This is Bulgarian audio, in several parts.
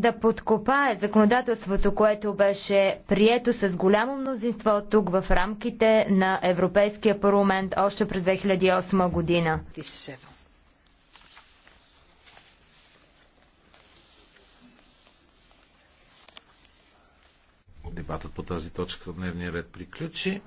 да подкопае законодателството, което беше прието с голямо мнозинство тук в рамките на Европейския парламент още през 2008 година. Дебатът по тази точка в дневния ред приключи.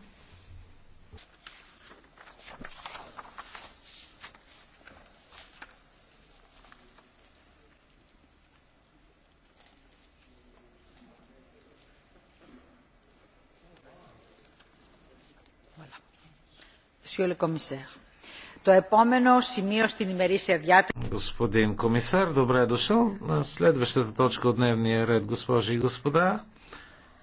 Господин комисар, добре е дошъл. На следващата точка от дневния ред, госпожи и господа,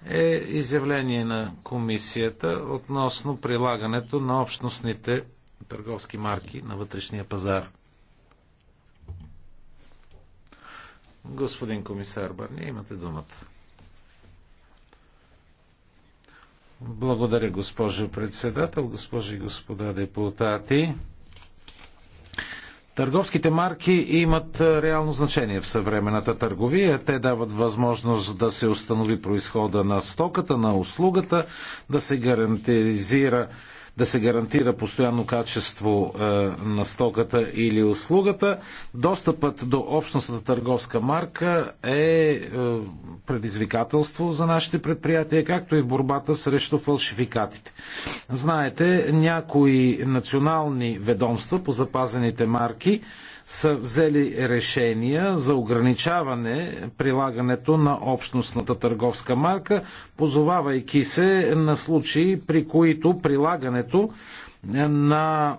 е изявление на комисията относно прилагането на общностните търговски марки на вътрешния пазар. Господин комисар Барни, имате думата. Благодаря, госпожо председател, госпожи и господа депутати. Търговските марки имат реално значение в съвременната търговия. Те дават възможност да се установи происхода на стоката, на услугата, да се гарантизира да се гарантира постоянно качество е, на стоката или услугата. Достъпът до общностната търговска марка е, е предизвикателство за нашите предприятия, както и в борбата срещу фалшификатите. Знаете, някои национални ведомства по запазените марки са взели решения за ограничаване прилагането на общностната търговска марка, позовавайки се на случаи, при които прилагането на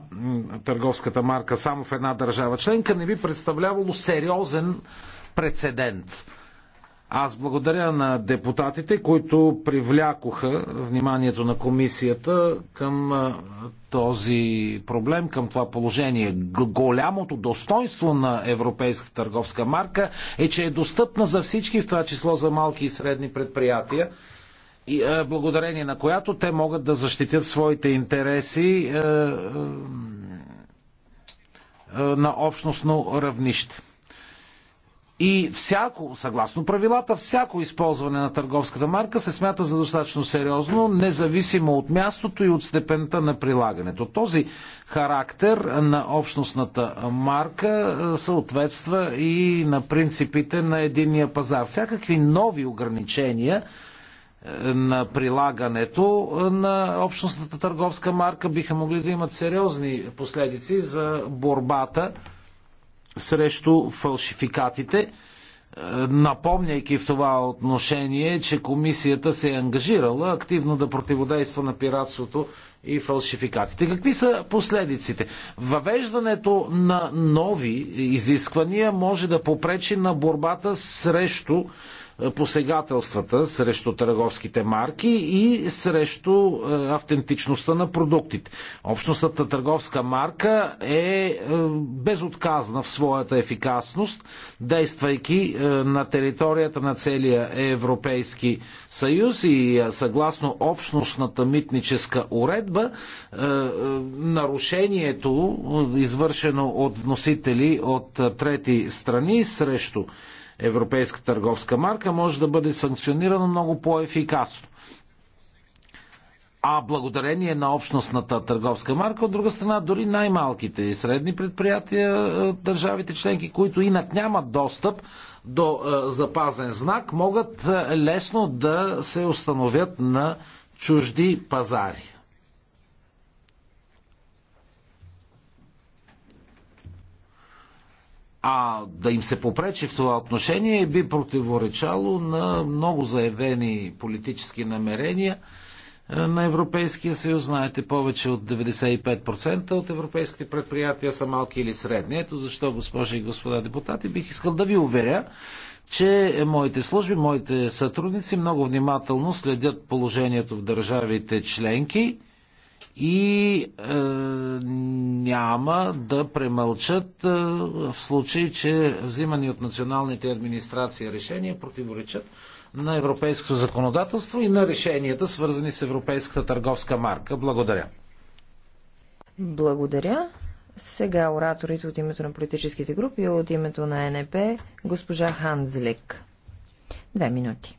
търговската марка само в една държава членка не би представлявало сериозен прецедент. Аз благодаря на депутатите, които привлякоха вниманието на комисията към този проблем, към това положение. Голямото достоинство на европейската търговска марка е, че е достъпна за всички, в това число за малки и средни предприятия и, благодарение на която те могат да защитят своите интереси е, е, на общностно равнище. И всяко, съгласно правилата, всяко използване на търговската марка се смята за достатъчно сериозно, независимо от мястото и от степента на прилагането. Този характер на общностната марка е, съответства и на принципите на единния пазар. Всякакви нови ограничения е, на прилагането е, на общностната търговска марка биха могли да имат сериозни последици за борбата срещу фалшификатите, е, напомняйки в това отношение, че комисията се е ангажирала активно да противодейства на пиратството и фалшификатите. Какви са последиците? Въвеждането на нови изисквания може да попречи на борбата срещу е, посегателствата срещу търговските марки и срещу е, автентичността на продуктите. Общностната търговска марка е, е безотказна в своята ефикасност, действайки на територията на целия Европейски съюз и съгласно общностната митническа уредба разпоредба е, е, нарушението, извършено от вносители от е, трети страни срещу европейска търговска марка, може да бъде санкционирано много по-ефикасно. А благодарение на общностната търговска марка, от друга страна, дори най-малките и средни предприятия, държавите членки, които инак нямат достъп до запазен знак, могат лесно да се установят на чужди пазари. А да им се попречи в това отношение би противоречало на много заявени политически намерения е, на Европейския съюз. Знаете, повече от 95% от европейските предприятия са малки или средни. Ето защо, госпожи и господа депутати, бих искал да ви уверя, че моите служби, моите сътрудници много внимателно следят положението в държавите членки и е, няма да премълчат е, в случай, че взимани от националните администрации решения противоречат на европейското законодателство и на решенията, свързани с европейската търговска марка. Благодаря. Благодаря. Сега ораторите от името на политическите групи, от името на НП, госпожа Ханзлик. Две минути.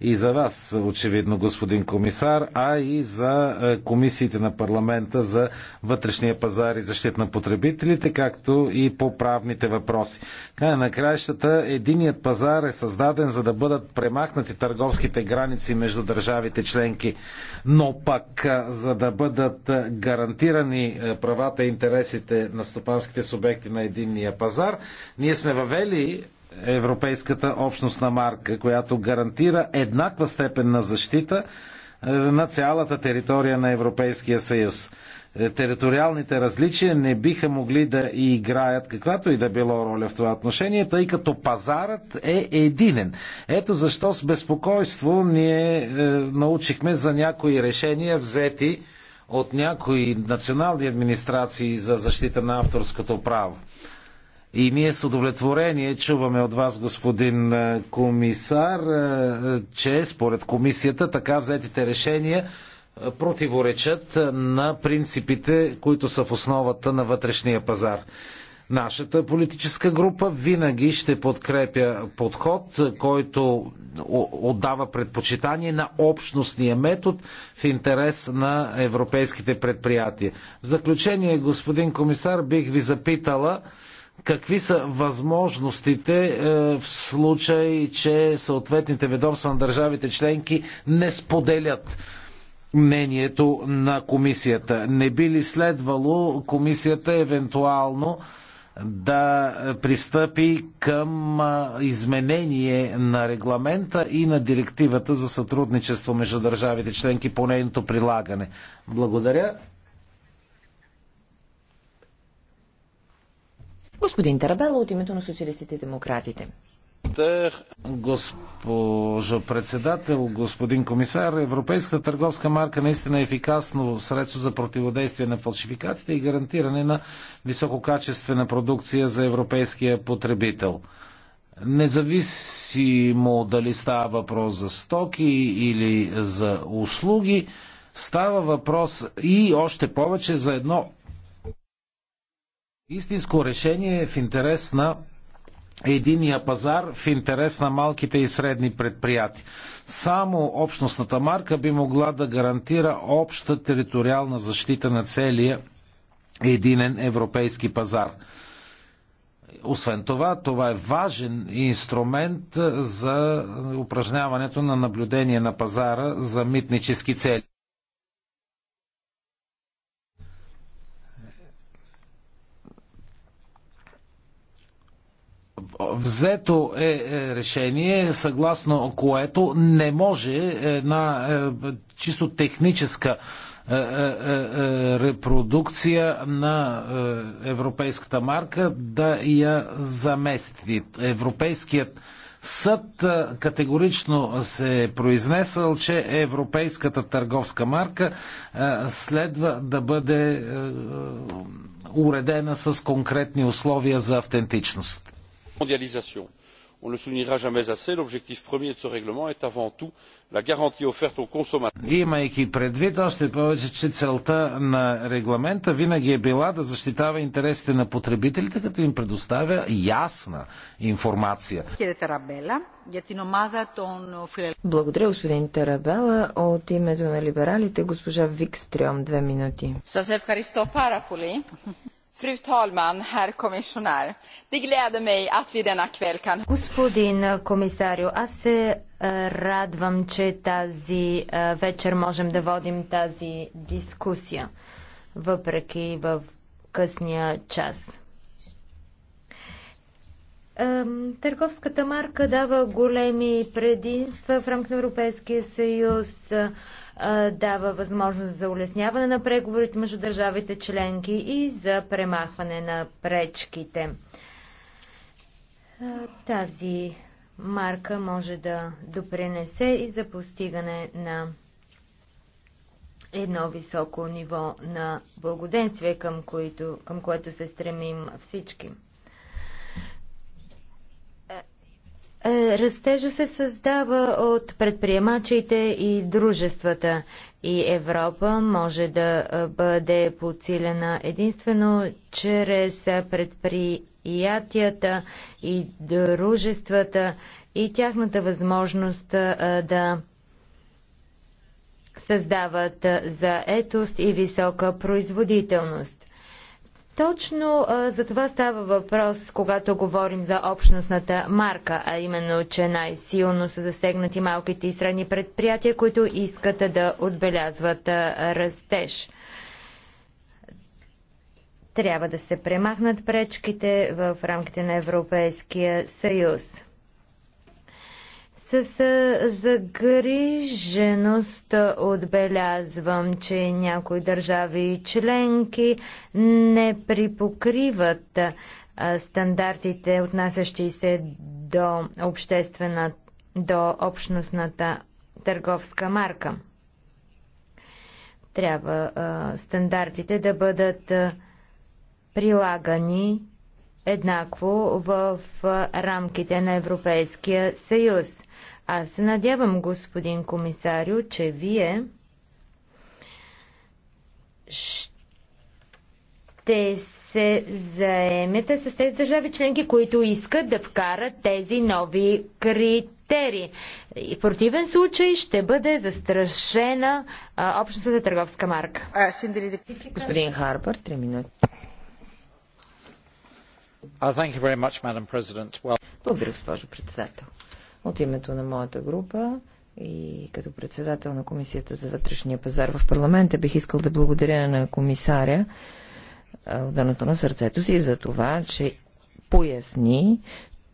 и за вас, очевидно, господин комисар, а и за е, комисиите на парламента за вътрешния пазар и защита на потребителите, както и по правните въпроси. Край на краищата, единият пазар е създаден за да бъдат премахнати търговските граници между държавите членки, но пък е, за да бъдат е, гарантирани правата и интересите на стопанските субекти на единния пазар, ние сме въвели Европейската общностна марка, която гарантира еднаква степен на защита е, на цялата територия на Европейския съюз. Е, териториалните различия не биха могли да играят каквато и да било роля в това отношение, тъй като пазарът е единен. Ето защо с безпокойство ние е, научихме за някои решения взети от някои национални администрации за защита на авторското право. И ние с удовлетворение чуваме от вас, господин е, комисар, е, е, че според комисията така взетите решения противоречат на принципите, които са в основата на вътрешния пазар. Нашата политическа група винаги ще подкрепя подход, който отдава предпочитание на общностния метод в интерес на европейските предприятия. В заключение, господин комисар, бих ви запитала какви са възможностите е, в случай, че съответните ведомства на държавите членки не споделят мнението на комисията. Не би ли следвало комисията евентуално да пристъпи към е, изменение на регламента и на директивата за сътрудничество между държавите членки по нейното прилагане. Благодаря. Господин Тарабела от името на социалистите и демократите. Госпожо председател, господин комисар, Европейската търговска марка наистина е ефикасно средство за противодействие на фалшификатите и гарантиране на висококачествена продукция за европейския потребител. Независимо дали става въпрос за стоки или за услуги, става въпрос и още повече за едно истинско решение е в интерес на единия пазар в интерес на малките и средни предприятия. Само общностната марка би могла да гарантира обща териториална защита на целия единен европейски пазар. Освен това, това е важен инструмент за упражняването на наблюдение на пазара за митнически цели. взето е, е решение, съгласно което не може една е, чисто техническа е, репродукция на европейската марка да я замести. Европейският съд категорично се е произнесъл, че европейската търговска марка следва да бъде уредена с конкретни условия за автентичност mondialisation. on ne le soulignera jamais assez l'objectif premier de ce règlement est avant tout la garantie offerte aux consommateurs. Имайки предвид още повече, че целта на регламента винаги е била да защитава интересите на потребителите, като им предоставя ясна информация. Благодаря, господин Тарабела. От името на либералите, госпожа Викстрем, две минути. Fru talman, herr kommissionär. Det gläder mig att vi denna kväll kan... Господин eh, комисарио, аз се eh, радвам, че тази eh, вечер можем да водим тази дискусия, въпреки в късния час. Търговската марка дава големи предимства в рамките на Европейския съюз, дава възможност за улесняване на преговорите между държавите членки и за премахване на пречките. Тази марка може да допринесе и за постигане на едно високо ниво на благоденствие, към, които, към което се стремим всички. Е, растежа се създава от предприемачите и дружествата и Европа може да е, бъде подсилена единствено чрез предприятията и дружествата и тяхната възможност е, да създават заетост и висока производителност. Точно а, за това става въпрос, когато говорим за общностната марка, а именно, че най-силно са засегнати малките и средни предприятия, които искат да отбелязват а, растеж. Трябва да се премахнат пречките в рамките на Европейския съюз. С загриженост отбелязвам, че някои държави и членки не припокриват стандартите, отнасящи се до обществена, до общностната търговска марка. Трябва стандартите да бъдат прилагани еднакво в рамките на Европейския съюз. Аз се надявам, господин комисарио, че вие ще се заемете с тези държави членки, които искат да вкарат тези нови критерии. И в противен случай ще бъде застрашена а, общностната търговска марка. Господин Харбър, 3 минути. Uh, Благодаря, госпожо председател. От името на моята група и като председател на Комисията за вътрешния пазар в парламента бих искал да благодаря на комисаря отданото на сърцето си за това, че поясни,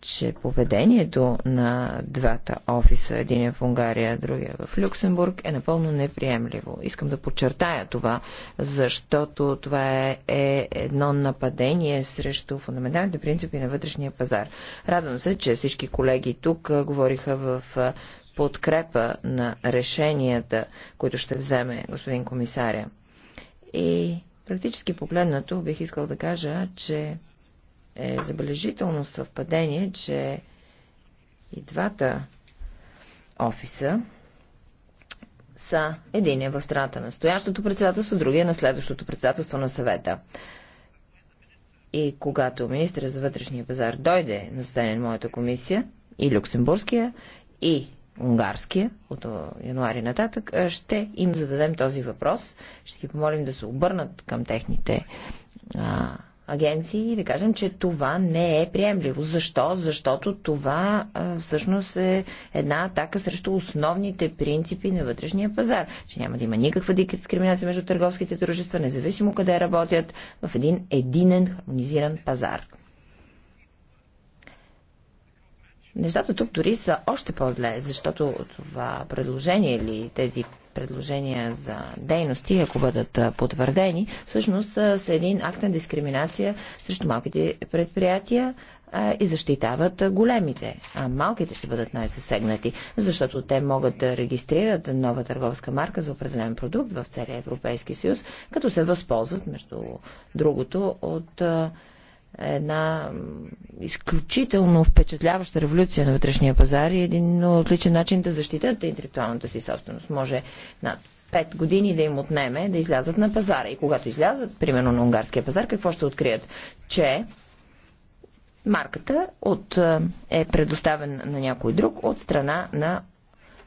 че поведението на двата офиса, един е в Унгария, другия в Люксембург, е напълно неприемливо. Искам да подчертая това, защото това е, е едно нападение срещу фундаменталните принципи на вътрешния пазар. Радвам се, че всички колеги тук говориха в подкрепа на решенията, които ще вземе господин комисаря. И практически погледнато бих искал да кажа, че е забележително съвпадение, че и двата офиса са един е в страната на стоящото председателство, другия на следващото председателство на съвета. И когато министра за вътрешния пазар дойде на на моята комисия, и люксембургския, и унгарския, от януари нататък, ще им зададем този въпрос. Ще ги помолим да се обърнат към техните а, агенции и да кажем, че това не е приемливо. Защо? Защото това а, всъщност е една атака срещу основните принципи на вътрешния пазар. Че няма да има никаква дискриминация между търговските дружества, независимо къде работят, в един единен хармонизиран пазар. Нещата тук дори са още по-зле, защото това предложение или тези предложения за дейности, ако бъдат потвърдени, всъщност са един акт на дискриминация срещу малките предприятия и защитават големите. А малките ще бъдат най-засегнати, защото те могат да регистрират нова търговска марка за определен продукт в целия Европейски съюз, като се възползват, между другото, от една изключително впечатляваща революция на вътрешния пазар и един отличен начин да защитят интелектуалната си собственост. Може над 5 години да им отнеме да излязат на пазара. И когато излязат, примерно на унгарския пазар, какво ще открият? Че марката от, е предоставена на някой друг от страна на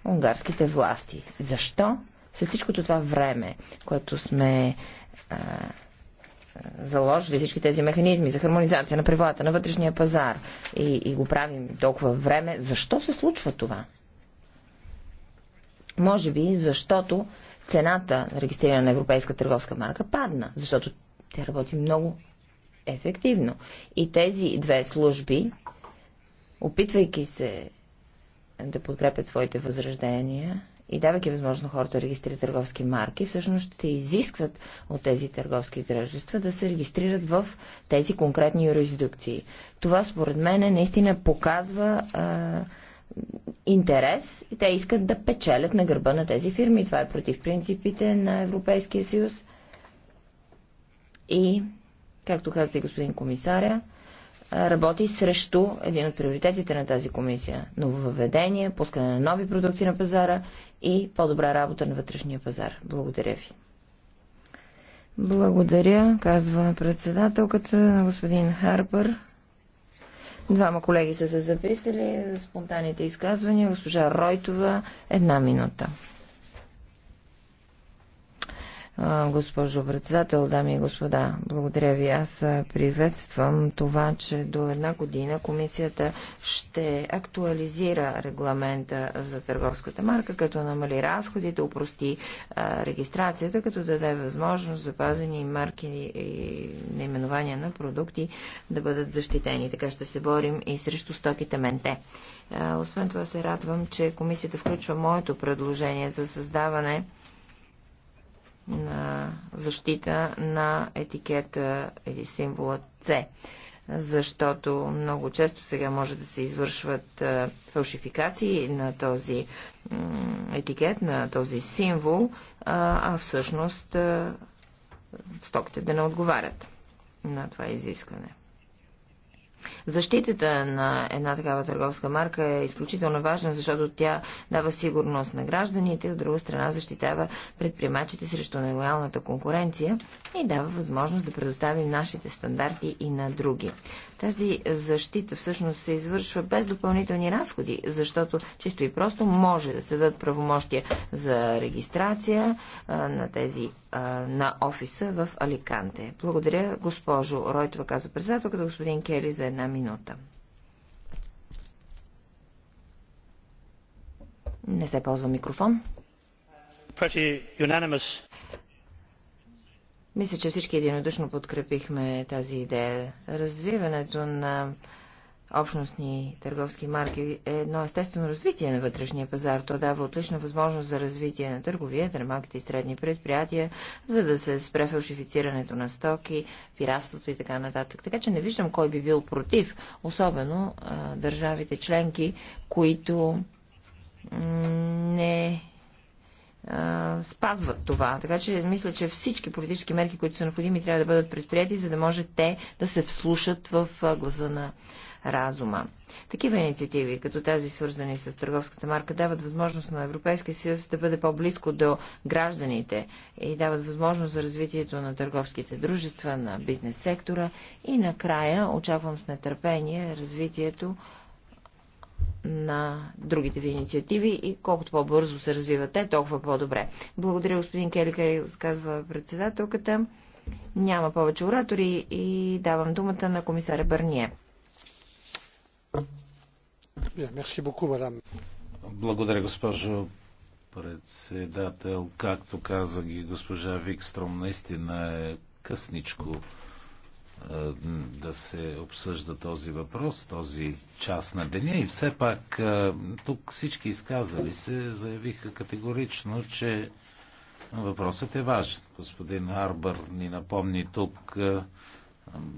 унгарските власти. Защо? След всичкото това време, което сме заложили всички тези механизми за хармонизация на правилата на вътрешния пазар и, и го правим толкова време, защо се случва това? Може би защото цената на регистриране на европейска търговска марка падна, защото тя работи много ефективно. И тези две служби, опитвайки се да подкрепят своите възраждения, и давайки възможно хората да регистрират търговски марки, всъщност ще изискват от тези търговски дружества да се регистрират в тези конкретни юрисдикции. Това според мен е наистина показва а, интерес и те искат да печелят на гърба на тези фирми. Това е против принципите на Европейския съюз. И, както каза и господин комисаря, работи срещу един от приоритетите на тази комисия – Нововведение, пускане на нови продукти на пазара и по-добра работа на вътрешния пазар. Благодаря ви. Благодаря, казва председателката на господин Харпър. Двама колеги са се записали за спонтанните изказвания. Госпожа Ройтова, една минута. Госпожо председател, дами и господа, благодаря ви. Аз приветствам това, че до една година комисията ще актуализира регламента за търговската марка, като намали разходите, упрости регистрацията, като даде възможност запазени марки и наименования на продукти да бъдат защитени. Така ще се борим и срещу стоките менте. Освен това се радвам, че комисията включва моето предложение за създаване на защита на етикета или символа С, защото много често сега може да се извършват фалшификации на този етикет, на този символ, а всъщност стоките да не отговарят на това изискване. Защитата на една такава търговска марка е изключително важна, защото тя дава сигурност на гражданите, от друга страна защитава предприемачите срещу нелоялната конкуренция и дава възможност да предоставим нашите стандарти и на други. Тази защита всъщност се извършва без допълнителни разходи, защото чисто и просто може да се дадат правомощия за регистрация на тези на офиса в Аликанте. Благодаря, госпожо Ройтова, каза председателката, господин Кели, за една минута. Не се ползва микрофон. Мисля, че всички единодушно подкрепихме тази идея. Развиването на общностни търговски марки е едно естествено развитие на вътрешния пазар. То дава отлична възможност за развитие на търговия, на малките и средни предприятия, за да се спре фалшифицирането на стоки, пиратството и така нататък. Така че не виждам кой би бил против, особено а, държавите членки, които не спазват това. Така че мисля, че всички политически мерки, които са необходими, трябва да бъдат предприяти, за да може те да се вслушат в гласа на разума. Такива инициативи, като тази свързани с търговската марка, дават възможност на Европейския съюз да бъде по-близко до гражданите и дават възможност за развитието на търговските дружества, на бизнес сектора и накрая очаквам с нетърпение развитието на другите ви инициативи и колкото по-бързо се развиват те, толкова по-добре. Благодаря, господин Келикер, казва председателката. Няма повече оратори и давам думата на комисаря Бърние. Благодаря, госпожо председател. Както каза ги госпожа Викстром, наистина е късничко е, да се обсъжда този въпрос, този час на деня. И все пак е, тук всички изказали се заявиха категорично, че въпросът е важен. Господин Арбър ни напомни тук е,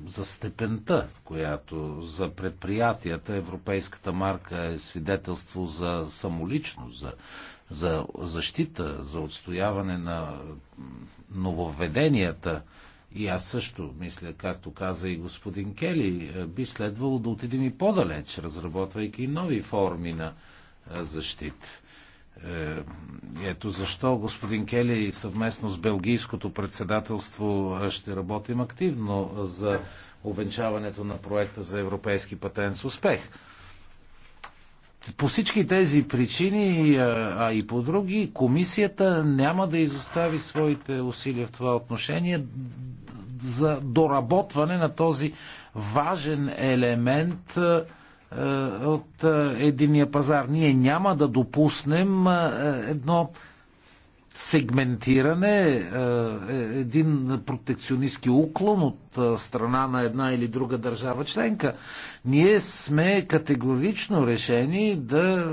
за степента, в която за предприятията европейската марка е свидетелство за самоличност, за, за защита, за отстояване на нововведенията. И аз също мисля, както каза и господин Кели, е, би следвало да отидем и по-далеч, разработвайки нови форми на е, защита. Е, ето защо господин Кели съвместно с Белгийското председателство ще работим активно за увенчаването на проекта за европейски патент с успех. По всички тези причини, а и по други, комисията няма да изостави своите усилия в това отношение за доработване на този важен елемент е, от е, единия пазар. Ние няма да допуснем е, едно сегментиране, един протекционистски уклон от страна на една или друга държава членка. Ние сме категорично решени да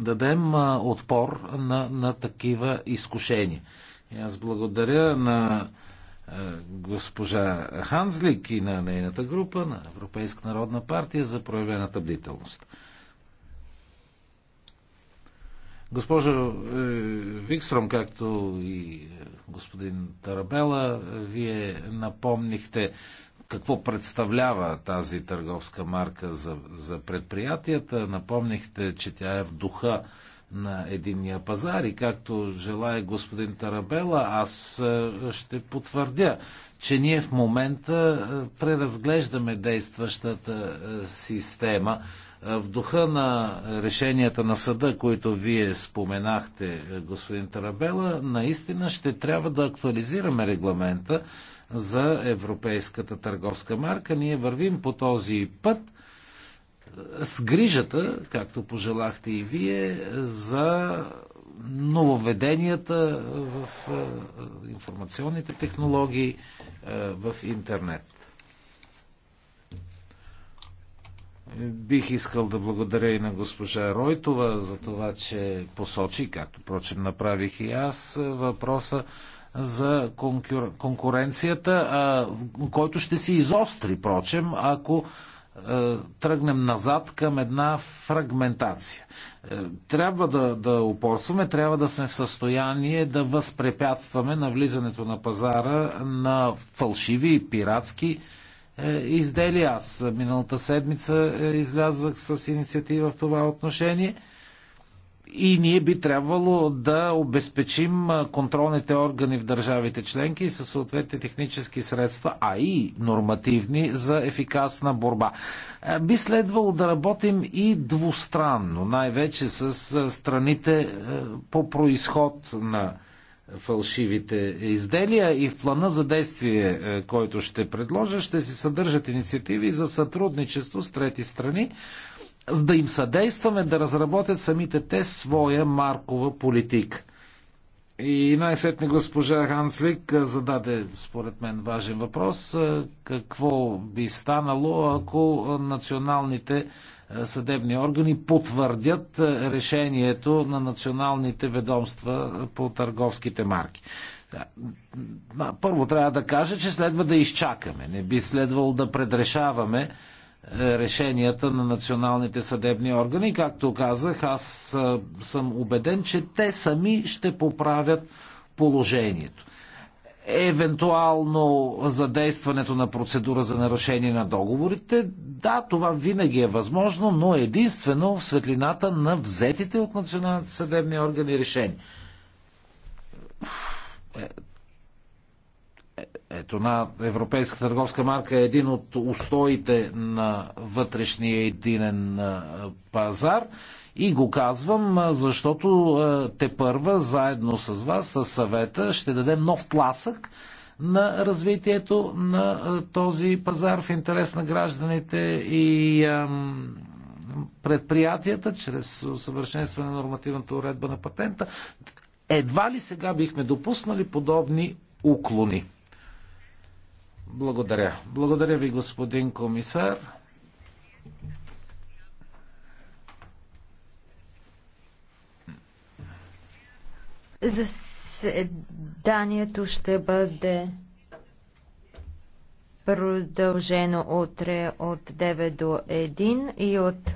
дадем отпор на, на такива изкушения. И аз благодаря на госпожа Ханзлик и на нейната група, на Европейска народна партия, за проявената бдителност. Госпожо е, Викстром, както и е, господин Тарабела, вие напомнихте какво представлява тази търговска марка за, за предприятията. Напомнихте, че тя е в духа на единния пазар и както желая господин Тарабела, аз е, ще потвърдя, че ние в момента е, преразглеждаме действащата е, система в духа на решенията на съда, които вие споменахте, господин Тарабела, наистина ще трябва да актуализираме регламента за европейската търговска марка. Ние вървим по този път – с грижата, както пожелахте и вие, за нововведенията в е, е, информационните технологии е, в интернет. Бих искал да благодаря и на госпожа Ройтова за това, че посочи, както прочим направих и аз, въпроса за конкуренцията, който ще се изостри, прочем, ако е, тръгнем назад към една фрагментация. Е, трябва да, да упорстваме, трябва да сме в състояние да възпрепятстваме навлизането на пазара на фалшиви и пиратски е, изделия. Аз миналата седмица излязах с инициатива в това отношение – и ние би трябвало да обезпечим контролните органи в държавите членки със съответните технически средства, а и нормативни за ефикасна борба. Е, би следвало да работим и двустранно, най-вече с страните е, по происход на фалшивите изделия и в плана за действие, е, който ще предложа, ще се съдържат инициативи за сътрудничество с трети страни за да им съдействаме да разработят самите те своя маркова политика. И най-сетне госпожа Ханслик зададе, според мен, важен въпрос. Какво би станало, ако националните съдебни органи потвърдят решението на националните ведомства по търговските марки? Първо трябва да кажа, че следва да изчакаме. Не би следвало да предрешаваме решенията на националните съдебни органи. Както казах, аз съм убеден, че те сами ще поправят положението. Евентуално задействането на процедура за нарушение на договорите, да, това винаги е възможно, но единствено в светлината на взетите от националните съдебни органи решения ето на европейска търговска марка е един от устоите на вътрешния единен пазар и го казвам, защото те първа заедно с вас, с съвета, ще дадем нов тласък на развитието на този пазар в интерес на гражданите и предприятията, чрез усъвършенстване на нормативната уредба на патента, едва ли сега бихме допуснали подобни уклони. Благодаря. Благодаря ви, господин комисар. Заседанието ще бъде продължено утре от 9 до 1 и от